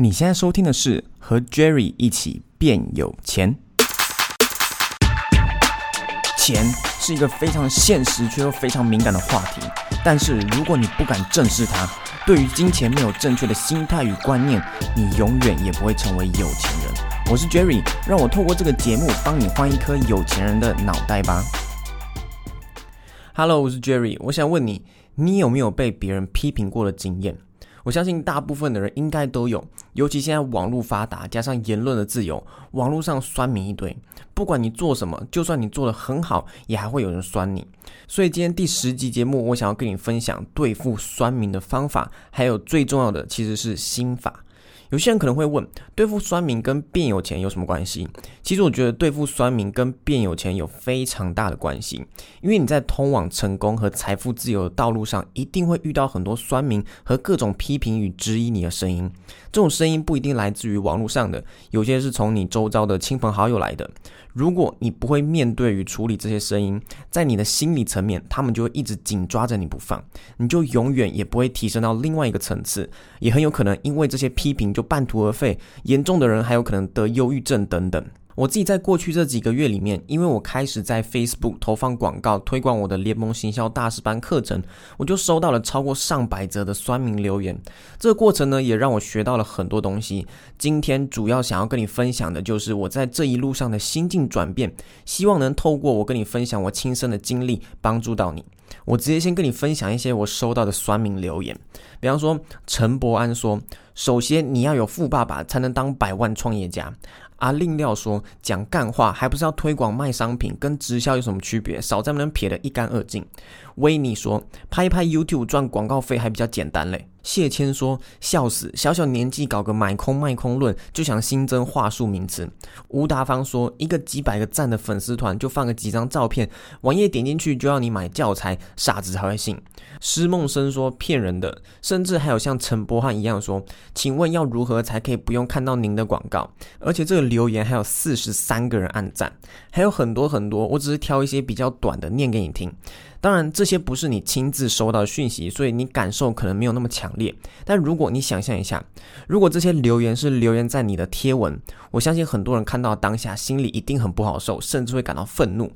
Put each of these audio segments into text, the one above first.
你現在收聽的是《和 Jerry 一起變有錢》錢。錢是一個非常現實卻又非常敏感的話題，但是如果你不敢正視它，對於金錢沒有正確的心態與觀念，你永遠也不會成為有錢人。我是 Jerry，讓我透過這個節目幫你換一顆有錢人的腦袋吧。Hello，我是 Jerry，我想問你，你有沒有被別人批評過的經驗？我相信大部分的人應該都有，尤其現在網絡發達，加上言論的自由，網絡上酸民一堆。不管你做什麼，就算你做的很好，也還會有人酸你。所以今天第十集節目，我想要跟你分享對付酸民的方法，還有最重要的，其實是心法。有些人可能會問，對付酸民跟變有錢有什麼關係？其實我覺得對付酸民跟變有錢有非常大的關係，因為你在通往成功和財富自由的道路上，一定會遇到很多酸民和各種批評與質疑你的聲音。這種聲音不一定來自於網絡上的，有些是從你周遭的親朋好友來的。如果你不會面對與處理這些聲音，在你的心理層面，他們就會一直緊抓着你不放，你就永遠也不會提升到另外一個層次，也很有可能因為這些批評。就半途而廢，嚴重的人還有可能得憂鬱症等等。我自己在過去這幾個月裡面，因為我開始在 Facebook 投放廣告，推廣我的聯盟行銷大師班課程，我就收到了超過上百則的酸民留言。這個過程呢，也讓我學到了很多東西。今天主要想要跟你分享的就是我在這一路上的心境轉變，希望能透過我跟你分享我親身的經歷，幫助到你。我直接先跟你分享一些我收到的酸民留言，比方說陳伯安說：“首先你要有富爸爸才能當百萬創業家。”阿、啊、令料說：“講幹話還不是要推廣賣商品，跟直銷有什麼區別？少在那邊撇得一乾二淨。”威尼說：“拍一拍 YouTube 賺廣告費還比較簡單嘞。”謝謙說：“笑死，小小年紀搞個買空賣空論，就想新增話術名詞。”吳達芳說：“一個幾百個讚的粉絲團，就放個幾張照片，網頁點進去就要你買教材，傻子才會信。”施夢生說：“騙人的。”甚至還有像陳博漢一樣說：“請問要如何才可以不用看到您的廣告？”而且這個留言還有四十三個人按讚，還有很多很多，我只是挑一些比較短的念給你聽。當然，這些不是你親自收到的訊息，所以你感受可能沒有那麼強。強烈。但如果你想象一下，如果這些留言是留言在你的貼文，我相信很多人看到當下心裡一定很不好受，甚至會感到憤怒。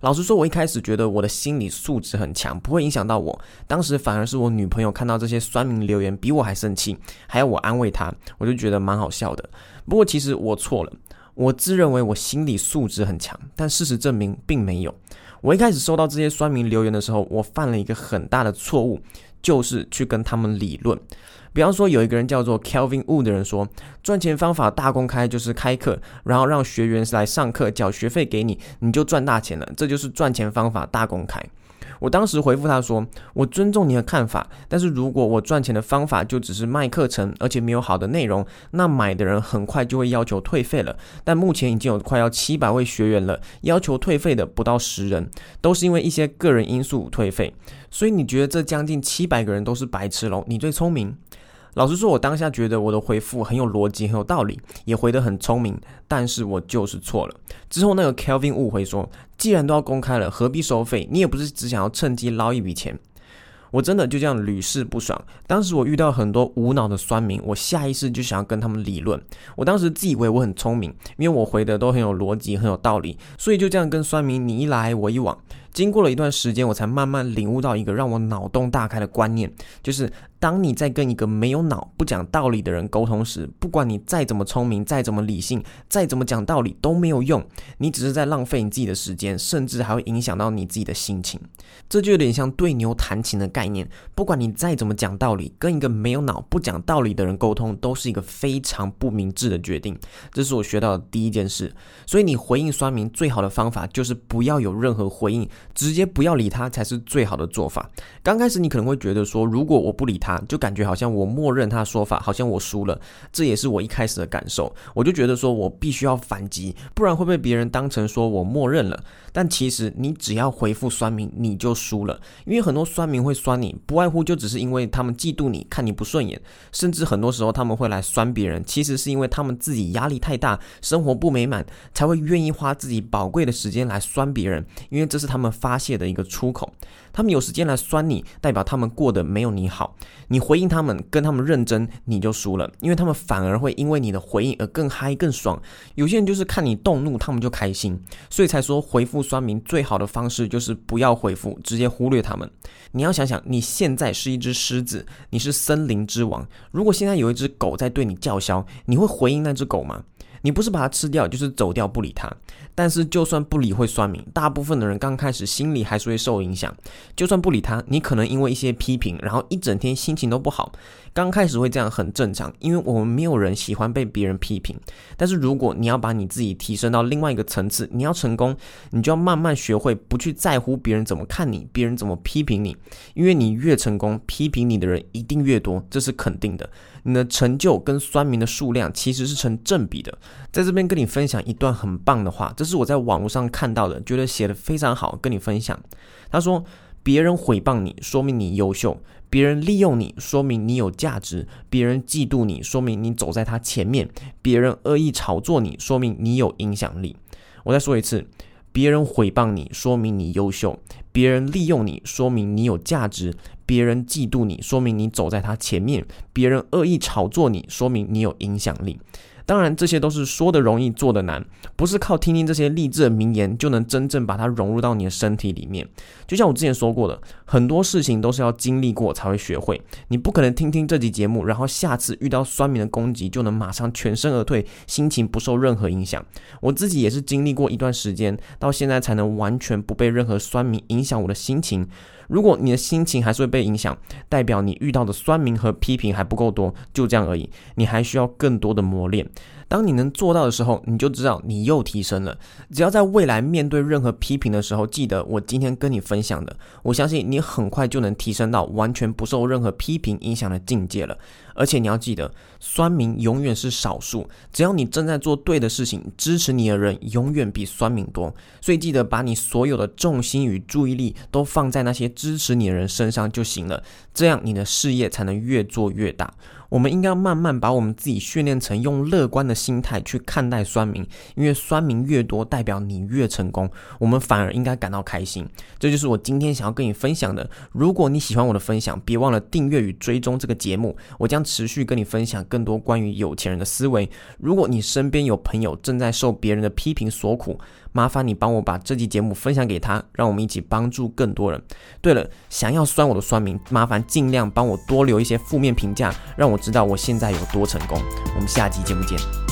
老實說，我一開始覺得我的心理素質很強，不會影響到我。當時反而是我女朋友看到這些酸民留言，比我還生氣，還要我安慰她，我就覺得蠻好笑的。不過其實我錯了，我自認為我心理素質很強，但事實證明並沒有。我一開始收到這些酸民留言的時候，我犯了一個很大的錯誤。就是去跟他們理論，比方說有一個人叫做 Kelvin Wu 的人說，賺錢方法大公開就是開課，然後讓學員是來上課，繳學費給你，你就賺大錢了，這就是賺錢方法大公開。我當時回復他說：“我尊重你的看法，但是如果我賺錢的方法就只是賣課程，而且沒有好的內容，那買的人很快就會要求退費了。但目前已經有快要七百位學員了，要求退費的不到十人，都是因為一些個人因素退費。所以你覺得這將近七百個人都是白痴嘍？你最聰明。”老實說，我當下覺得我的回復很有邏輯、很有道理，也回得很聰明，但是我就是錯了。之後那個 Kelvin 誤會說，既然都要公開了，何必收費？你也不是只想要趁機撈一筆錢。我真的就這樣屢試不爽。當時我遇到很多無腦的酸民，我下意識就想要跟他們理論。我當時自以為我很聰明，因為我回得都很有邏輯、很有道理，所以就這樣跟酸民你一來我一往。經過了一段時間，我才慢慢領悟到一個讓我腦洞大開的觀念，就是。當你在跟一個沒有腦、不講道理的人溝通時，不管你再怎麼聰明、再怎麼理性、再怎麼講道理都沒有用，你只是在浪費你自己的時間，甚至還會影響到你自己的心情。這就有點像對牛彈琴的概念。不管你再怎麼講道理，跟一個沒有腦、不講道理的人溝通都是一個非常不明智的決定。這是我學到的第一件事。所以，你回應酸民最好的方法就是不要有任何回應，直接不要理他才是最好的做法。剛開始你可能會覺得說，如果我不理他，就感覺好像我默認他的說法，好像我輸了，這也是我一開始的感受。我就覺得說我必須要反擊，不然會被別人當成說我默認了。但其實你只要回復酸民，你就輸了，因為很多酸民會酸你，不外乎就只是因為他們嫉妒你、看你不順眼，甚至很多時候他們會來酸別人，其實是因為他們自己壓力太大，生活不美滿，才會願意花自己寶貴的時間來酸別人，因為這是他們發洩的一個出口。他們有時間來酸你，代表他們過得沒有你好。你回應他們，跟他們認真，你就輸了，因為他們反而會因為你的回應而更嗨、更爽。有些人就是看你動怒，他們就開心，所以才說回覆酸民最好的方式就是不要回覆，直接忽略他們。你要想想，你現在是一隻獅子，你是森林之王。如果現在有一隻狗在對你叫囂，你會回應那隻狗嗎？你不是把它吃掉，就是走掉不理他。但是就算不理會酸民，大部分的人剛開始心裡還是會受影響。就算不理他，你可能因為一些批評，然後一整天心情都不好。剛開始會這樣很正常，因為我們沒有人喜歡被別人批評。但是如果你要把你自己提升到另外一個層次，你要成功，你就要慢慢學會不去在乎別人怎麼看你，別人怎麼批評你。因為你越成功，批評你的人一定越多，這是肯定的。你的成就跟酸民的數量其實是成正比的。在這邊跟你分享一段很棒的話，這是我在網絡上看到的，覺得寫得非常好，跟你分享。他說：別人誹謗你，說明你優秀；別人利用你，說明你有價值；別人嫉妒你，說明你走在他前面；別人惡意炒作你，說明你有影響力。我再說一次：別人誹謗你，說明你優秀；別人利用你，說明你有價值；別人嫉妒你，說明你走在他前面；別人惡意炒作你，說明你有影響力。當然，這些都是說的容易做的難，不是靠聽聽這些勵志的名言就能真正把它融入到你的身體裡面。就像我之前說過的，很多事情都是要經歷過才會學會。你不可能聽聽這集節目，然後下次遇到酸民的攻擊就能馬上全身而退，心情不受任何影響。我自己也是經歷過一段時間，到現在才能完全不被任何酸民影響我的心情。如果你的心情還是會被影響，代表你遇到的酸民和批評還不夠多，就這樣而已，你還需要更多的磨練。當你能做到的時候，你就知道你又提升了。只要在未來面對任何批評的時候，記得我今天跟你分享的，我相信你很快就能提升到完全不受任何批評影響的境界了。而且你要記得，酸民永遠是少數，只要你正在做對的事情，支持你的人永遠比酸民多。所以記得把你所有的重心與注意力都放在那些支持你的人身上就行了，這樣你的事業才能越做越大。我們應該慢慢把我們自己訓練成用樂觀的心態去看待酸民，因為酸民越多，代表你越成功。我們反而應該感到開心。這就是我今天想要跟你分享的。如果你喜歡我的分享，別忘了訂閱與追蹤這個節目。我將持續跟你分享更多關於有錢人的思維。如果你身邊有朋友正在受別人的批評所苦，麻煩你幫我把這期節目分享給他，讓我們一起幫助更多人。對了，想要酸我的酸民，麻煩盡量幫我多留一些負面評價，讓我，知道我現在有多成功，我們下期節目見。